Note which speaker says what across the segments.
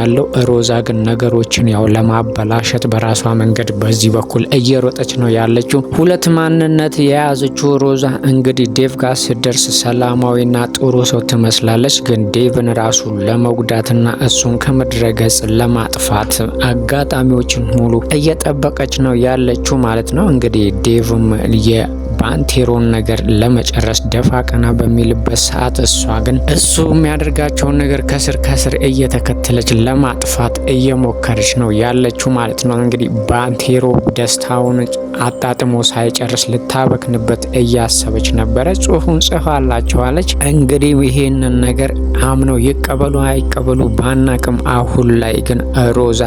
Speaker 1: ያለው ሮዛ ግን ነገሮችን ያው ለማበላሸት በራሷ መንገድ በዚህ በኩል እየሮጠች ነው ያለችው። ሁለት ማንነት የያዘችው ሮዛ እንግዲህ ዴቭ ጋር ስደርስ ሰላማዊና ጥሩ ሰው ትመስላለች፣ ግን ዴቭን ራሱ ለመጉዳትና እሱን ከምድረገጽ ለማጥፋት አጋጣሚዎችን ሙሉ እየጠበቀች ነው ያለችው ማለት ነው። እንግዲህ ዴቭም ባንቴሮን ነገር ለመጨረስ ደፋ ቀና በሚልበት ሰዓት እሷ ግን እሱ የሚያደርጋቸውን ነገር ከስር ከስር እየተከተለች ለማጥፋት እየሞከረች ነው ያለችው ማለት ነው። እንግዲህ ባንቴሮ ደስታውን አጣጥሞ ሳይጨርስ ልታበክንበት እያሰበች ነበረ። ጽሁፉን ጽፋላቸዋለች። እንግዲህ ይሄንን ነገር አምነው ይቀበሉ አይቀበሉ ባናቅም፣ አሁን ላይ ግን ሮዛ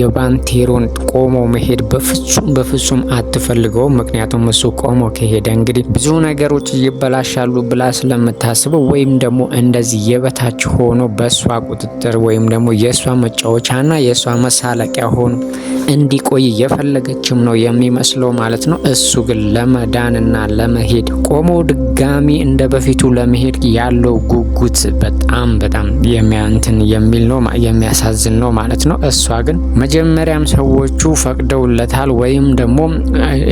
Speaker 1: የባንቴሮን ቆሞ መሄድ በፍጹም በፍጹም አትፈልገውም። ምክንያቱም እሱ ቆሞ ከሄደ እንግዲህ ብዙ ነገሮች ይበላሻሉ ብላ ስለምታስበው ወይም ደግሞ እንደዚህ የበታች ሆኖ በእሷ ቁጥጥር ወይም ደግሞ የእሷ መጫወቻና የእሷ መሳለቂያ ሆኖ እንዲቆይ የፈለገችም ነው የሚመስለው ማለት ነው። እሱ ግን ለመዳንና ለመሄድ ቆሞ ድጋሚ እንደ በፊቱ ለመሄድ ያለው ጉጉት በጣም በጣም የሚያንትን የሚል ነው የሚያሳዝን ነው ማለት ነው። እሷ ግን መጀመሪያም ሰዎቹ ፈቅደውለታል ወይም ደግሞ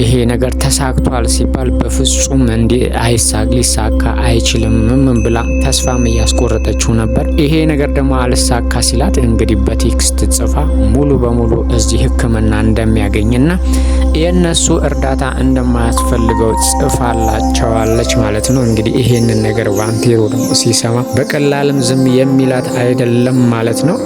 Speaker 1: ይሄ ነገር ተሳክቶ ይኖራል ሲባል በፍጹም እንዲ አይሳግ ሊሳካ አይችልምም ብላ ተስፋም እያስቆረጠችው ነበር። ይሄ ነገር ደግሞ አልሳካ ሲላት እንግዲህ በቴክስት ጽፋ ሙሉ በሙሉ እዚህ ሕክምና እንደሚያገኝና የእነሱ እርዳታ እንደማያስፈልገው ጽፋላቸዋለች ማለት ነው። እንግዲህ ይሄንን ነገር ቫንቴሮ ደግሞ ሲሰማ በቀላልም ዝም የሚላት አይደለም ማለት ነው።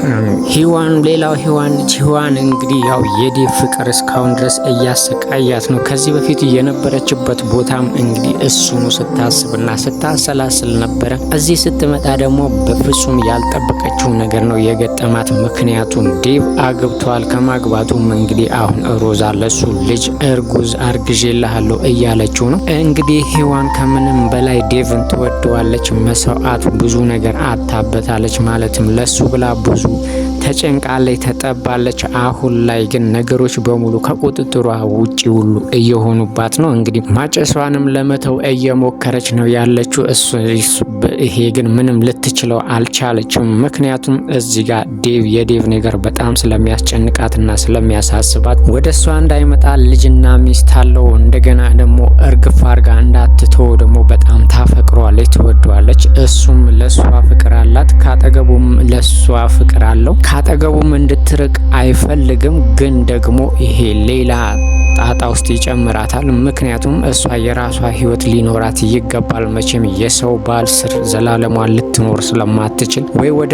Speaker 1: ሂዋን ሌላው ሂዋን ሂዋን እንግዲህ ያው የዴ ፍቅር እስካሁን ድረስ እያሰቃያት ነው። ከዚህ በፊት የነበረ የነበረችበት ቦታም እንግዲህ እሱኑ ስታስብና ስታሰላስል ነበረ። እዚህ ስትመጣ ደግሞ በፍጹም ያልጠበቀችው ነገር ነው የገ ገጠማት። ምክንያቱም ዴቭ አግብቷል። ከማግባቱም እንግዲህ አሁን ሮዛ ለሱ ልጅ እርጉዝ አርግዤልሃለሁ እያለችው ነው። እንግዲህ ሔዋን ከምንም በላይ ዴቭን ትወደዋለች። መስዋዕት ብዙ ነገር አታበታለች። ማለትም ለሱ ብላ ብዙ ተጨንቃለች፣ ተጠባለች። አሁን ላይ ግን ነገሮች በሙሉ ከቁጥጥሯ ውጪ ሁሉ እየሆኑባት ነው። እንግዲህ ማጨሷንም ለመተው እየሞከረች ነው ያለችው። እሱ ይሄ ግን ምንም ልትችለው አልቻለችም። ምክንያቱም እዚህ ጋር ዴቭ የዴቭ ነገር በጣም ስለሚያስጨንቃትና ስለሚያሳስባት ወደ እሷ እንዳይመጣ ልጅና ሚስት አለው። እንደገና ደግሞ እርግፍ አርጋ እንዳትቶ ደግሞ በጣም ታፈቅሯለች፣ ትወደዋለች። እሱም ለእሷ ፍቅር አላት። ካጠገቡም ለእሷ ፍቅር አለው። ካጠገቡም እንድትርቅ አይፈልግም። ግን ደግሞ ይሄ ሌላ ጣጣ ውስጥ ይጨምራታል። ምክንያቱም እሷ የራሷ ህይወት ሊኖራት ይገባል። መቼም የሰው ባል ስር ዘላለሟን ልትኖር ስለማትችል ወይ ወደ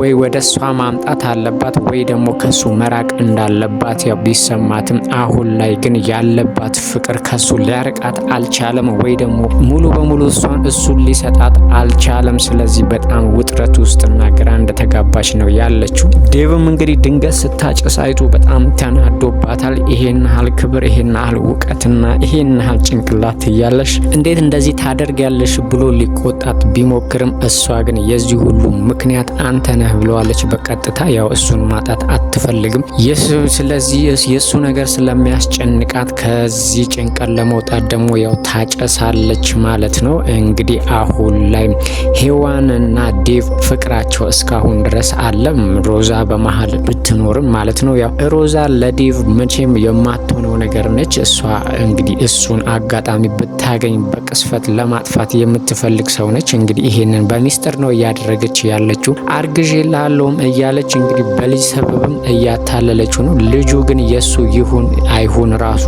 Speaker 1: ወይ ወደ እሷ ማምጣት አለባት ወይ ደግሞ ከሱ መራቅ እንዳለባት ያው ቢሰማትም፣ አሁን ላይ ግን ያለባት ፍቅር ከሱ ሊያርቃት አልቻለም፣ ወይ ደግሞ ሙሉ በሙሉ እሷን እሱን ሊሰጣት አልቻለም። ስለዚህ በጣም ውጥረት ውስጥና ግራ እንደተጋባች ነው ያለችው። ዴቭም እንግዲህ ድንገት ስታጭስ አይጡ በጣም ተናዶባታል። ይሄን ሀልቅ ክብር፣ ይሄን ያህል እውቀትና ይሄን ያህል ጭንቅላት እያለሽ እንዴት እንደዚህ ታደርጊያለሽ ብሎ ሊቆጣት ቢሞክርም እሷ ግን የዚህ ሁሉ ምክንያት አንተ ነህ ብለዋለች። በቀጥታ ያው እሱን ማጣት አትፈልግም። ስለዚህ የእሱ ነገር ስለሚያስጨንቃት ከዚህ ጭንቀት ለመውጣት ደግሞ ያው ታጨሳለች ማለት ነው። እንግዲህ አሁን ላይ ሄዋንና ዴቭ ፍቅራቸው እስካሁን ድረስ አለ። ሮዛ በመሀል ብትኖርም ማለት ነው ያው ሮዛ ለዴቭ መቼም የማትሆነ የሆነው ነገር ነች። እሷ እንግዲህ እሱን አጋጣሚ ብታገኝ በቅስፈት ለማጥፋት የምትፈልግ ሰው ነች። እንግዲህ ይሄንን በሚስጥር ነው እያደረገች ያለችው። ላለውም እያለች እንግዲህ በልጅ ሰበብም እያታለለችው ነው። ልጁ ግን የሱ ይሁን አይሁን ራሱ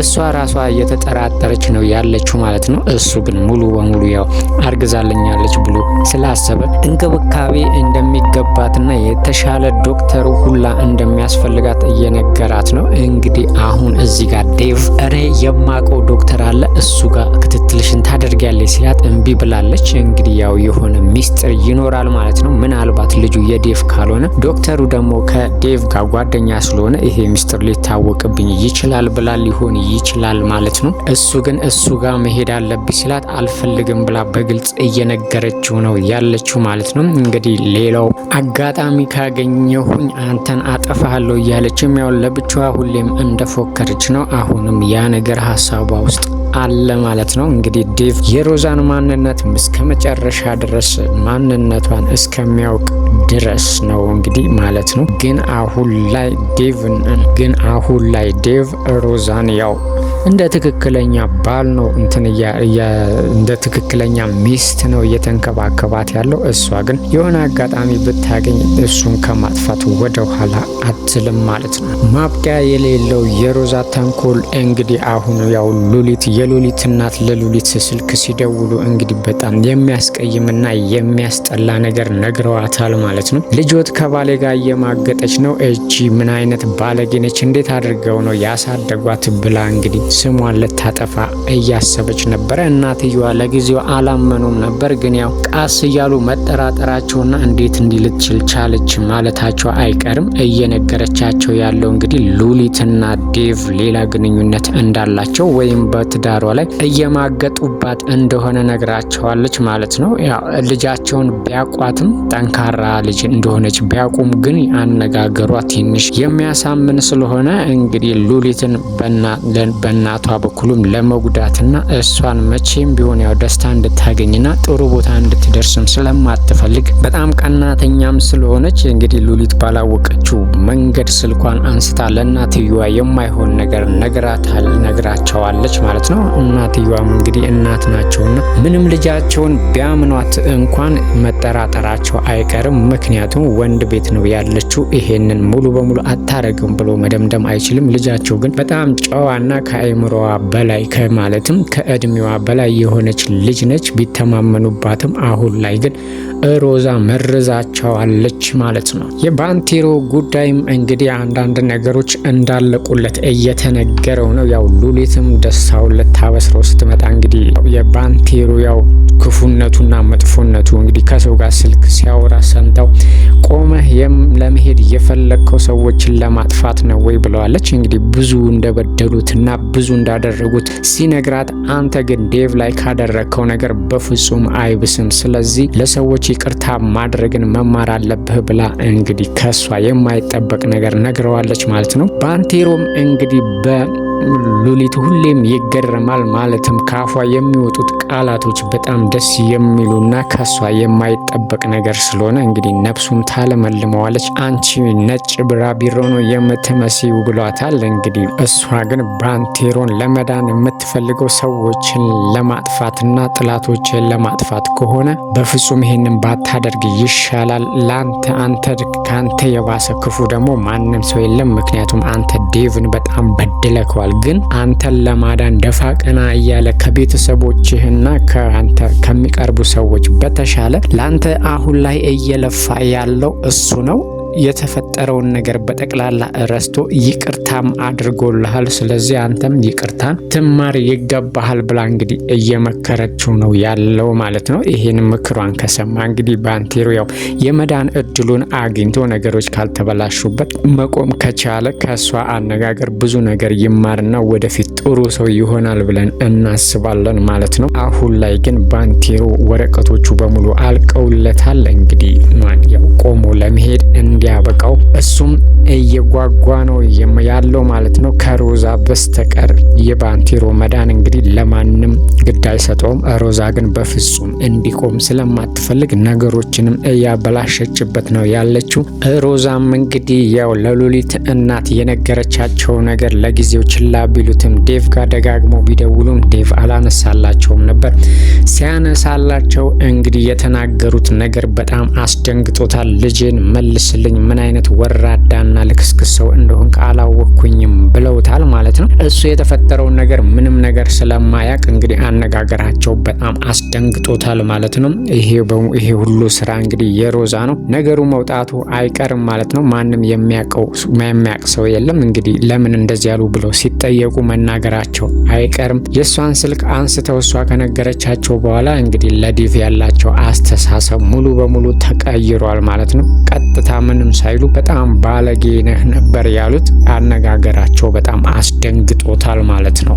Speaker 1: እሷ ራሷ እየተጠራጠረች ነው ያለችው ማለት ነው። እሱ ግን ሙሉ በሙሉ ያው አርግዛለኛለች ብሎ ስላሰበ እንክብካቤ እንደሚገባትና የተሻለ ዶክተሩ ሁላ እንደሚያስፈልጋት እየነገራት ነው። እንግዲህ አሁን እዚህ ጋር ዴቭ እኔ የማውቀው ዶክተር አለ እሱ ጋር ክትትልሽን ታደርጊያለሽ ሲላት እምቢ ብላለች። እንግዲህ ያው የሆነ ሚስጥር ይኖራል ማለት ነው። ምናልባት ልጁ የዴቭ ካልሆነ ዶክተሩ ደግሞ ከዴቭ ጋር ጓደኛ ስለሆነ ይሄ ሚስጥር ሊታወቅብኝ ይችላል ብላ ሊሆን ይችላል ማለት ነው። እሱ ግን እሱ ጋር መሄድ አለብኝ ሲላት አልፈልግም ብላ በግልጽ እየነገረችው ነው ያለችው ማለት ነው። እንግዲህ ሌላው አጋጣሚ ካገኘሁኝ አንተን አጠፋለሁ እያለችም ያው ለብቻዋ ሁሌም እንደፎከ እየሞከረች ነው። አሁንም ያ ነገር ሀሳቧ ውስጥ አለ ማለት ነው። እንግዲህ ዴቭ የሮዛን ማንነት እስከ መጨረሻ ድረስ ማንነቷን እስከሚያውቅ ድረስ ነው እንግዲህ ማለት ነው። ግን አሁን ላይ ዴቭ ግን አሁን ላይ ዴቭ ሮዛን ያው እንደ ትክክለኛ ባል ነው እንትን እንደ ትክክለኛ ሚስት ነው እየተንከባከባት ያለው። እሷ ግን የሆነ አጋጣሚ ብታገኝ እሱን ከማጥፋት ወደ ኋላ አትልም ማለት ነው። ማብቂያ የሌለው የሮዛ ተንኮል እንግዲህ አሁን ያው ሉሊት የሉሊት እናት ለሉሊት ስልክ ሲደውሉ እንግዲህ በጣም የሚያስቀይምና የሚያስጠላ ነገር ነግረዋታል ማለት ነው። ማለት ነው። ልጆት ከባሌ ጋር እየማገጠች ነው። እጅ ምን አይነት ባለጌ ነች! እንዴት አድርገው ነው ያሳደጓት? ብላ እንግዲህ ስሟን ልታጠፋ እያሰበች ነበረ። እናትየዋ ለጊዜው አላመኑም ነበር፣ ግን ያው ቃስ እያሉ መጠራጠራቸውና እንዴት እንዲህ ቻለች ማለታቸው አይቀርም። እየነገረቻቸው ያለው እንግዲህ ሉሊትና ዴቭ ሌላ ግንኙነት እንዳላቸው ወይም በትዳሯ ላይ እየማገጡባት እንደሆነ ነግራቸዋለች ማለት ነው። ያው ልጃቸውን ቢያቋትም ጠንካራ ልጅ እንደሆነች ቢያውቁም ግን አነጋገሯ ትንሽ የሚያሳምን ስለሆነ እንግዲህ ሉሊትን በእናቷ በኩልም ለመጉዳትና እሷን መቼም ቢሆን ያው ደስታ እንድታገኝና ጥሩ ቦታ እንድትደርስም ስለማትፈልግ በጣም ቀናተኛም ስለሆነች እንግዲህ ሉሊት ባላወቀችው መንገድ ስልኳን አንስታ ለእናትየዋ የማይሆን ነገር ነግራታል ነግራቸዋለች ማለት ነው። እናትየዋም እንግዲህ እናት ናቸውና ምንም ልጃቸውን ቢያምኗት እንኳን መጠራጠራቸው አይቀርም። ምክንያቱም ወንድ ቤት ነው ያለችው ይሄንን ሙሉ በሙሉ አታረግም ብሎ መደምደም አይችልም። ልጃቸው ግን በጣም ጨዋና ከአይምሮዋ በላይ ከማለትም ከእድሜዋ በላይ የሆነች ልጅ ነች። ቢተማመኑባትም አሁን ላይ ግን ሮዛ መርዛቸዋለች ማለት ነው። የባንቴሮ ጉዳይም እንግዲህ አንዳንድ ነገሮች እንዳለቁለት እየተነገረው ነው። ያው ሉሊትም ደስታውን ልታበስረው ስትመጣ እንግዲህ የባንቴሮ ያው ክፉነቱና መጥፎነቱ እንግዲህ ከሰው ጋር ስልክ ሲያወራ ሰምተው ቆመህ ለመሄድ የፈለግከው ሰዎችን ለማጥፋት ነው ወይ ብለዋለች። እንግዲህ ብዙ እንደበደሉትና ብዙ እንዳደረጉት ሲነግራት አንተ ግን ዴቭ ላይ ካደረግከው ነገር በፍጹም አይብስም። ስለዚህ ለሰዎች ይቅርታ ማድረግን መማር አለብህ ብላ እንግዲህ ከሷ የማይጠበቅ ነገር ነግረዋለች ማለት ነው። ባንቴሮም እንግዲህ በ ሉሊት ሁሌም ይገረማል። ማለትም ከአፏ የሚወጡት ቃላቶች በጣም ደስ የሚሉና ከሷ የማይጠበቅ ነገር ስለሆነ እንግዲህ ነፍሱም ታለመልመዋለች። አንቺ ነጭ ቢራቢሮ ነው የምትመስይው ብሏታል። እንግዲህ እሷ ግን ባንቴሮን ለመዳን የምትፈልገው ሰዎችን ለማጥፋትና ጥላቶችን ለማጥፋት ከሆነ በፍጹም ይሄንን ባታደርግ ይሻላል ለአንተ አንተ ከአንተ የባሰ ክፉ ደግሞ ማንም ሰው የለም። ምክንያቱም አንተ ዴቭን በጣም በድለከዋል። ግን አንተን ለማዳን ደፋ ቀና እያለ ከቤተሰቦችህና ከአንተ ከሚቀርቡ ሰዎች በተሻለ ለአንተ አሁን ላይ እየለፋ ያለው እሱ ነው። የተፈጠረውን ነገር በጠቅላላ ረስቶ ይቅርታም አድርጎልሃል። ስለዚህ አንተም ይቅርታን ትማር ይገባሃል ብላ እንግዲህ እየመከረችው ነው ያለው ማለት ነው። ይህን ምክሯን ከሰማ እንግዲህ ባንቴሮ ያው የመዳን እድሉን አግኝቶ ነገሮች ካልተበላሹበት መቆም ከቻለ ከእሷ አነጋገር ብዙ ነገር ይማርና ወደፊት ጥሩ ሰው ይሆናል ብለን እናስባለን ማለት ነው። አሁን ላይ ግን ባንቴሮ ወረቀቶቹ በሙሉ አልቀውለታል። እንግዲህ ማን ያው ቆሞ ለመሄድ እንዲ እንዲያበቃው እሱም እየጓጓ ነው ያለው ማለት ነው። ከሮዛ በስተቀር የባንቴሮ መዳን እንግዲህ ለማንም ግድ አይሰጠውም። ሮዛ ግን በፍጹም እንዲቆም ስለማትፈልግ ነገሮችንም እያበላሸችበት ነው ያለችው። ሮዛም እንግዲህ ያው ለሉሊት እናት የነገረቻቸው ነገር ለጊዜው ችላ ቢሉትም ዴቭ ጋር ደጋግሞ ቢደውሉም ዴቭ አላነሳላቸውም ነበር። ሲያነሳላቸው እንግዲህ የተናገሩት ነገር በጣም አስደንግጦታል። ልጄን መልስልኝ ሲያገኝ ምን አይነት ወራዳና ልክስክስ ሰው እንደሆንክ አላወቅኩኝም ብለውታል ማለት ነው። እሱ የተፈጠረውን ነገር ምንም ነገር ስለማያቅ እንግዲህ አነጋገራቸው በጣም አስደንግጦታል ማለት ነው። ይሄ ሁሉ ስራ እንግዲህ የሮዛ ነው። ነገሩ መውጣቱ አይቀርም ማለት ነው። ማንም የሚያውቀው የሚያውቅ ሰው የለም። እንግዲህ ለምን እንደዚህ ያሉ ብለው ሲጠየቁ መናገራቸው አይቀርም። የእሷን ስልክ አንስተው እሷ ከነገረቻቸው በኋላ እንግዲህ ለዲቭ ያላቸው አስተሳሰብ ሙሉ በሙሉ ተቀይሯል ማለት ነው። ቀጥታ ምን ምንም ሳይሉ በጣም ባለጌ ነህ ነበር ያሉት። አነጋገራቸው በጣም አስደንግጦታል ማለት ነው።